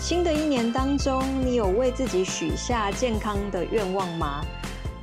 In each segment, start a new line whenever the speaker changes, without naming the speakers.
新的一年當中，你有為自己許下健康的願望嗎？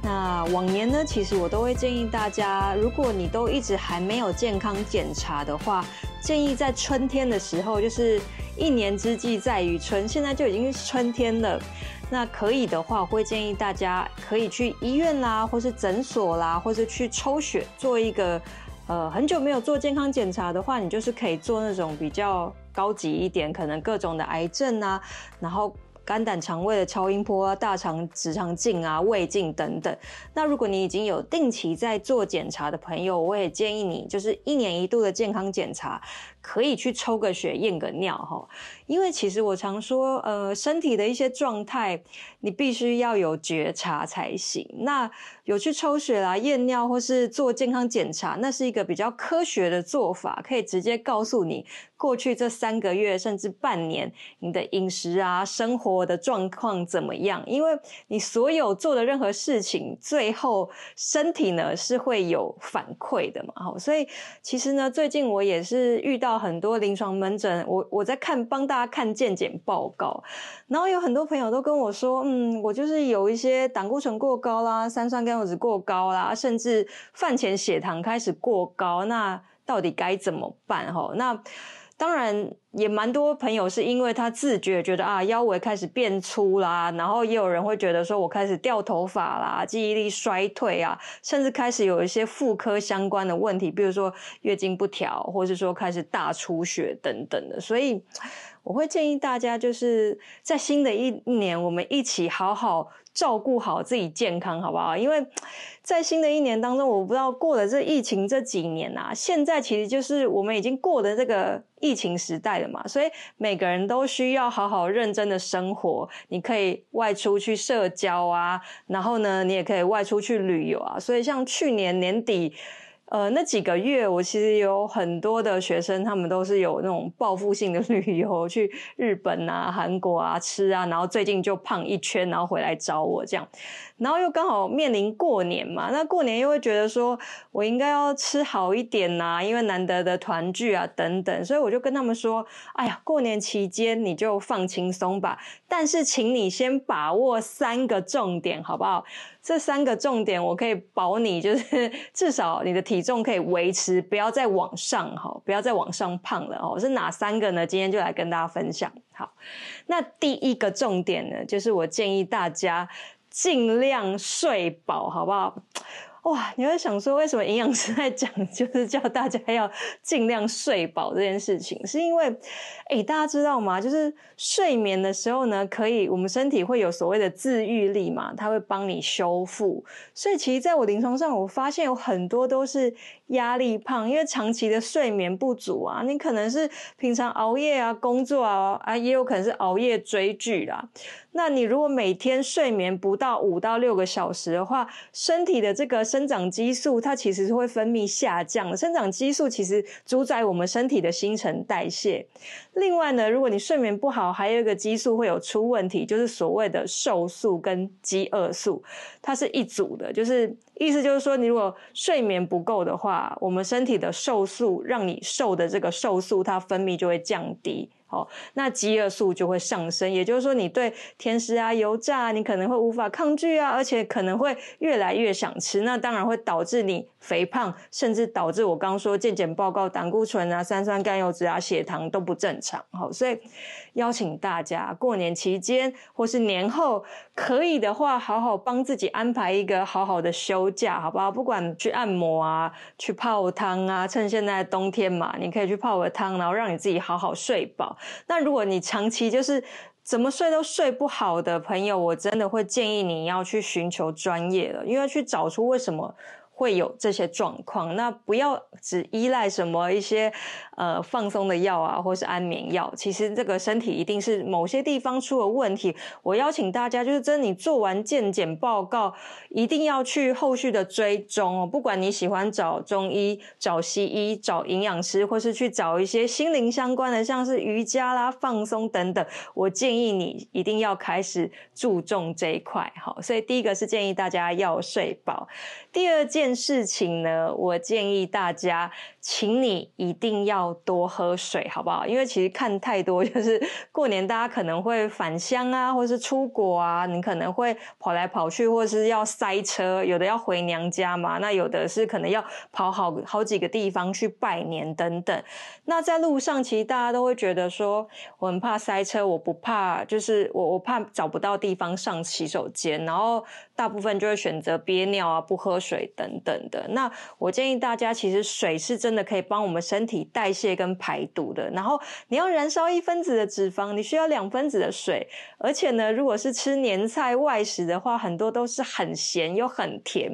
那往年呢？其實我都會建議大家，如果你都一直還沒有健康檢查的話，建議在春天的時候，就是一年之計在於春，現在就已經是春天了。那可以的話，我會建議大家可以去醫院啦，或是診所啦，或是去抽血做一個。呃，很久沒有做健康檢查的話，你就是可以做那種比較高級一點，可能各種的癌症啊，然後肝膽腸胃的超音波啊、大腸直腸鏡啊、胃鏡等等。那如果你已經有定期在做檢查的朋友，我也建議你就是一年一度的健康檢查。可以去抽個血驗個尿哈，因為其實我常說，呃，身體的一些狀態，你必須要有覺察才行。那有去抽血啊、驗尿，或是做健康檢查，那是一個比較科學的做法，可以直接告訴你過去這三個月甚至半年你的飲食啊、生活的狀況怎麼樣，因為你所有做的任何事情，最後身體呢是會有反饋的嘛。好，所以其實呢，最近我也是遇到。很多臨床門診，我我在看幫大家看健檢報告，然後有很多朋友都跟我說，嗯，我就是有一些膽固醇過高啦，三酸甘油脂過高啦，甚至飯前血糖開始過高，那到底該怎麼辦？吼，那當然。也蠻多朋友是因為他自覺覺得啊腰圍開始變粗啦，然後也有人會覺得說我開始掉頭髮啦，記憶力衰退啊，甚至開始有一些婦科相關的問題，比如說月經不調，或是說開始大出血等等的。所以我會建議大家就是在新的一年，我們一起好好照顧好自己健康，好不好？因為在新的一年當中，我不知道過了這疫情這幾年啊，現在其實就是我們已經過了這個疫情時代了。所以每個人都需要好好認真的生活。你可以外出去社交啊，然後呢，你也可以外出去旅遊啊。所以像去年年底，呃，那幾個月，我其實有很多的學生，他們都是有那種報復性的旅遊，去日本啊、韓國啊吃啊，然後最近就胖一圈，然後回來找我這樣。然後又剛好面臨過年嘛，那過年又會覺得說我應該要吃好一點吶、啊，因為難得的團聚啊等等，所以我就跟他們說：“哎呀，過年期間你就放輕鬆吧，但是請你先把握三個重點，好不好？這三個重點我可以保你，就是至少你的體重可以維持，不要再往上哈，不要再往上胖了哦。是哪三個呢？今天就來跟大家分享。好，那第一個重點呢，就是我建議大家，盡量睡飽，好不好？哇，你會想說，為什麼營養師在講，就是叫大家要盡量睡飽這件事情，是因為，誒，大家知道嗎？就是睡眠的時候呢，可以我們身體會有所謂的自癒力嘛，它會幫你修復。所以，其實在我臨床上，我發現有很多都是壓力胖，因為長期的睡眠不足啊，你可能是平常熬夜啊，工作啊，啊，也有可能是熬夜追劇啦。那你如果每天睡眠不到五到六個小時的話，身體的這個生長激素它其實是會分泌下降的。生長激素其實主宰我們身體的新陳代謝。另外呢，如果你睡眠不好，還有一個激素會有出問題，就是所謂的瘦素跟飢餓素，它是一組的。就是意思就是說，你如果睡眠不夠的話，我們身體的瘦素讓你瘦的這個瘦素，它分泌就會降低。好，那飢餓素就會上升，也就是說，你對甜食啊、油炸啊，你可能會無法抗拒啊，而且可能會越來越想吃，那當然會導致你肥胖，甚至導致我剛說健檢報告膽固醇啊、三酸甘油脂啊、血糖都不正常。好，所以邀請大家過年期間或是年後可以的話，好好幫自己安排一個好好的休假，好不好？不管去按摩啊，去泡湯啊，趁現在冬天嘛，你可以去泡個湯，然後讓你自己好好睡飽。那如果你長期就是怎麼睡都睡不好的朋友，我真的會建議你要去尋求專業的，因為去找出為什麼會有這些狀況，那不要只依賴什麼一些呃放鬆的藥啊，或是安眠藥。其實這個身體一定是某些地方出了問題。我邀請大家，就是真的你做完健檢報告，一定要去後續的追蹤哦。不管你喜歡找中醫、找西醫、找營養師，或是去找一些心靈相關的，像是瑜伽啦、放鬆等等，我建議你一定要開始注重這一塊。好，所以第一個是建議大家要睡飽，第二件。這件事情呢，我建議大家，請你一定要多喝水，好不好？因為其實看太多，就是過年大家可能會返鄉啊，或是出國啊，你可能會跑來跑去，或是要塞車，有的要回娘家嘛，那有的是可能要跑好好幾個地方去拜年等等。那在路上，其實大家都會覺得說，我很怕塞車，我不怕，就是我我怕找不到地方上洗手間，然後大部分就會選擇憋尿啊，不喝水等等。等,等的那我建議大家，其實水是真的可以幫我們身體代謝跟排毒的。然後你要燃燒一分子的脂肪，你需要兩分子的水。而且呢，如果是吃年菜外食的話，很多都是很鹹又很甜。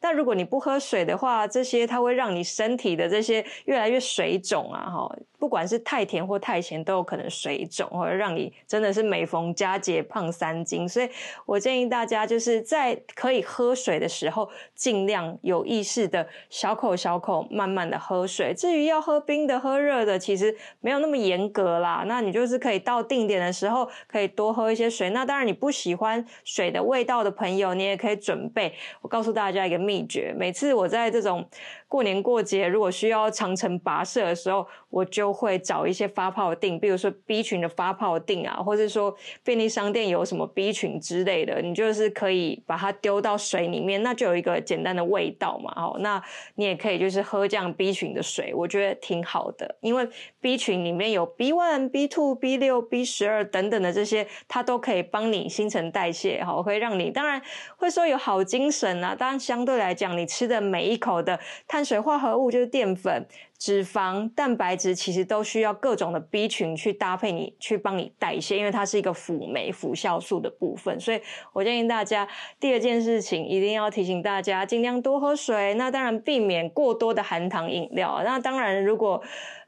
但如果你不喝水的話，這些它會讓你身體的這些越來越水腫啊，哈，不管是太甜或太鹹，都有可能水腫，或者讓你真的是每逢佳節胖三斤。所以我建議大家，就是在可以喝水的時候，盡量。有意識的小口小口慢慢的喝水，至於要喝冰的喝熱的，其實沒有那麼嚴格啦。那你就是可以到定點的時候，可以多喝一些水。那當然，你不喜歡水的味道的朋友，你也可以準備。我告訴大家一個秘訣：每次我在這種過年過節，如果需要長程跋涉的時候，我就會找一些發泡錠，比如說 B 群的發泡錠啊，或者說便利商店有什麼 B 群之類的，你就是可以把它丟到水裡面，那就有一個簡單的味道。到嘛，哦，那你也可以就是喝這樣 B 群的水，我覺得挺好的，因為 B 群裡面有 B1、B2、B6、B12 等等的這些，它都可以幫你新陳代謝，好，會讓你當然會說有好精神啊，當然相對來講，你吃的每一口的碳水化合物就是澱粉。脂肪、蛋白質其實都需要各種的 B 群去搭配你，你去幫你代謝，因為它是一個輔酶、輔酵素的部分。所以，我建議大家第二件事情一定要提醒大家，盡量多喝水。那當然，避免過多的含糖飲料。那當然，如果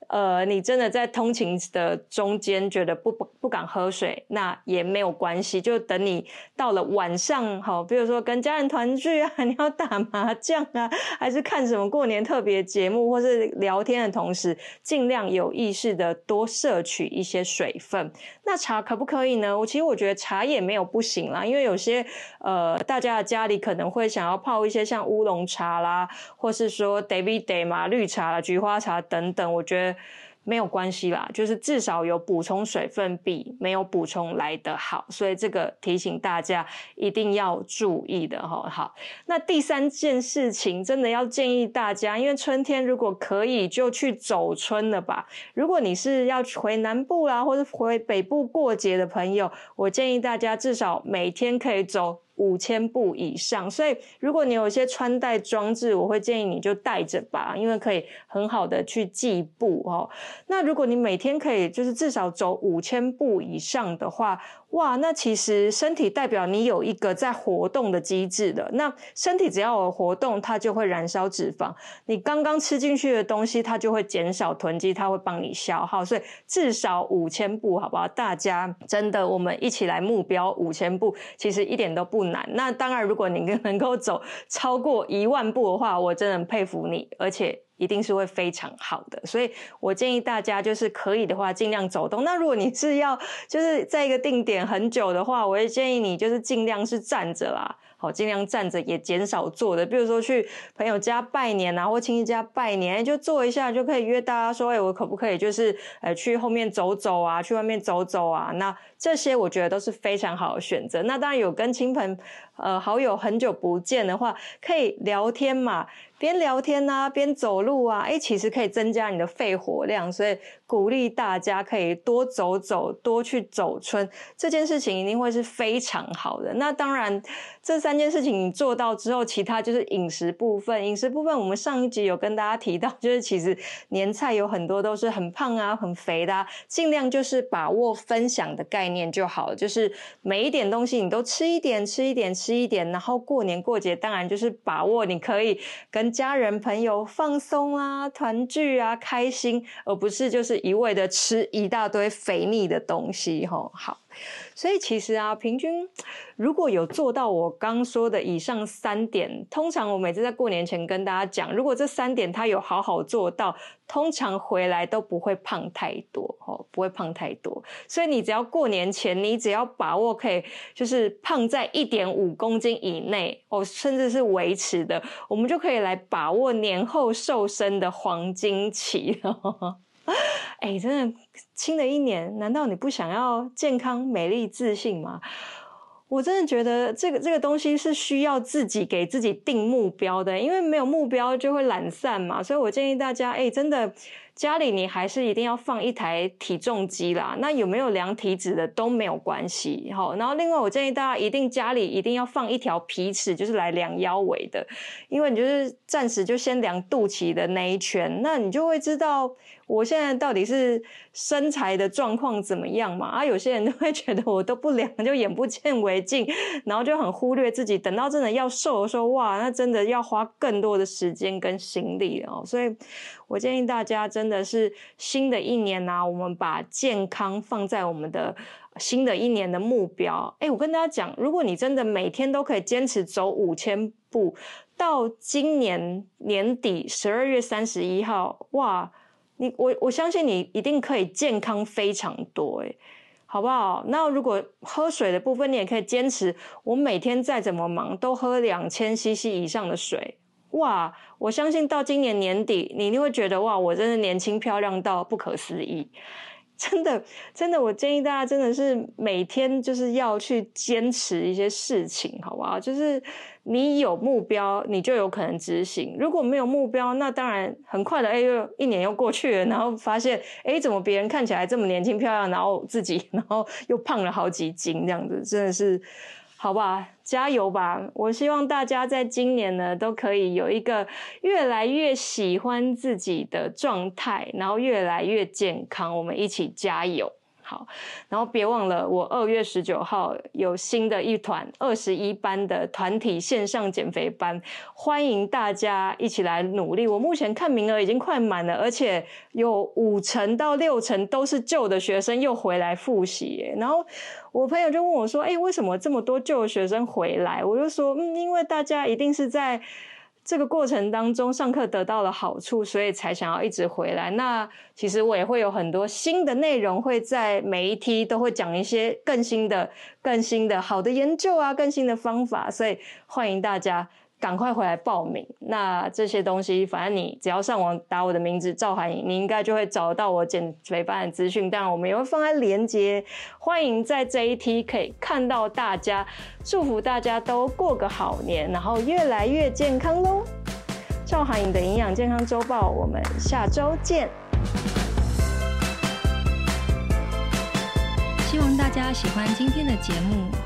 呃，你真的在通勤的中間覺得不不不敢喝水，那也沒有關係，就等你到了晚上，好，比如說跟家人團聚啊，你要打麻將啊，還是看什麼過年特別節目，或是聊天的同時，儘量有意識的多攝取一些水分。那茶可不可以呢？我其實我覺得茶也沒有不行啦，因為有些呃，大家的家裡可能會想要泡一些像烏龍茶啦，或是說 day by day 嘛，綠茶啦、菊花茶等等，我覺得。沒有關係啦，就是至少有補充水分比沒有補充來得好，所以這個提醒大家一定要注意的吼。好，那第三件事情真的要建議大家，因為春天如果可以就去走春了吧。如果你是要回南部啦，或者回北部過節的朋友，我建議大家至少每天可以走。五千步以上，所以如果你有一些穿戴裝置，我會建議你就戴著吧，因為可以很好的去計步哦。那如果你每天可以就是至少走五千步以上的話。哇，那其實身體代表你有一個在活動的機制的。那身體只要有活動，它就會燃燒脂肪。你剛剛吃進去的東西，它就會減少囤積，它會幫你消耗。所以至少五千步，好不好？大家真的，我們一起來目標五千步，其實一點都不難。那當然，如果你能夠走超過一萬步的話，我真的很佩服你，而且。一定是會非常好的，所以我建議大家就是可以的話，儘量走動。那如果你是要就是在一個定點很久的話，我也建議你就是儘量是站着啦，好，儘量站着也減少坐的。比如說去朋友家拜年啊，或親戚家拜年，就坐一下就可以。約大家說，誒，哎，我可不可以就是呃去後面走走啊，去外面走走啊？那這些我覺得都是非常好的選擇。那當然有跟親朋呃好友很久不見的話，可以聊天嘛。邊聊天啊，邊走路啊，哎，其實可以增加你的肺活量，所以鼓勵大家可以多走走，多去走春，這件事情一定會是非常好的。那當然，這三件事情你做到之後，其他就是飲食部分。飲食部分，我們上一集有跟大家提到，就是其實年菜有很多都是很胖啊、很肥的啊，盡量就是把握分享的概念就好了，就是每一點東西你都吃一點、吃一點、吃一點。然後過年過節，當然就是把握你可以跟家人朋友放鬆啊，團聚啊，開心，而不是就是一味的吃一大堆肥膩的東西，吼，好。所以其實啊，平均，如果有做到我剛說的以上三點，通常我每次在過年前跟大家講，如果這三點他有好好做到，通常回來都不會胖太多哦，不會胖太多。所以你只要過年前，你只要把握可以，就是胖在一點五公斤以內哦，甚至是維持的，我們就可以來把握年後瘦身的黃金期了。呵呵哎、欸，真的，新的一年，難道你不想要健康、美麗、自信嗎？我真的覺得這個這個東西是需要自己給自己定目標的，因為沒有目標就會懶散嘛。所以我建議大家，哎、欸，真的。家裡你還是一定要放一台體重機啦，那有沒有量體脂的都沒有關係哈。然後另外我建議大家一定家裡一定要放一條皮尺，就是來量腰圍的，因為你就是暫時就先量肚臍的那一圈，那你就會知道我現在到底是身材的狀況怎麼樣嘛。啊，有些人都會覺得我都不量，就眼不見為淨，然後就很忽略自己，等到真的要瘦的時候，哇，那真的要花更多的時間跟心力哦。所以我建議大家真。真的是新的一年啊，我們把健康放在我們的新的一年的目標。哎、欸，我跟大家講，如果你真的每天都可以堅持走五千步，到今年年底十二月三十一號，哇，你我我相信你一定可以健康非常多，誒，好不好？那如果喝水的部分，你也可以堅持，我每天再怎麼忙都喝兩千 CC 以上的水。哇！我相信到今年年底，你一定會覺得哇，我真的年輕漂亮到不可思議。真的，真的，我建議大家真的是每天就是要去堅持一些事情，好不好？就是你有目標，你就有可能執行；如果沒有目標，那當然很快的，哎，又一年又過去了，然後發現，哎，怎麼別人看起來這麼年輕漂亮，然後自己，然後又胖了好幾斤，這樣子真的是。好吧，加油吧！我希望大家在今年呢，都可以有一個越來越喜歡自己的狀態，然後越來越健康。我們一起加油。好，然後別忘了，我二月十九號有新的一團二十一班的團體線上減肥班，歡迎大家一起來努力。我目前看名額已經快滿了，而且有五成到六成都是舊的學生又回來複習。然後我朋友就問我說：“哎，為什麼這麼多舊的學生回來？”我就說：“嗯，因為大家一定是在……”這個過程當中，上課得到了好處，所以才想要一直回來。那其實我也會有很多新的內容，會在每一期都會講一些更新的、更新的好的研究啊，更新的方法，所以歡迎大家。趕快回來報名！那這些東西，反正你只要上網打我的名字趙函穎，你應該就會找到我減肥班的資訊。當然，我們也會放在連結。歡迎在這一期可以看到大家，祝福大家都過個好年，然後越來越健康嘍！趙函穎的營養健康週報，我們下週見。希望大家喜歡今天的節目。